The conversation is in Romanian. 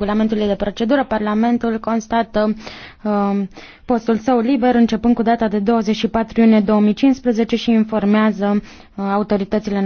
regulamentului de procedură, Parlamentul constată uh, postul său liber începând cu data de 24 iunie 2015 și informează uh, autoritățile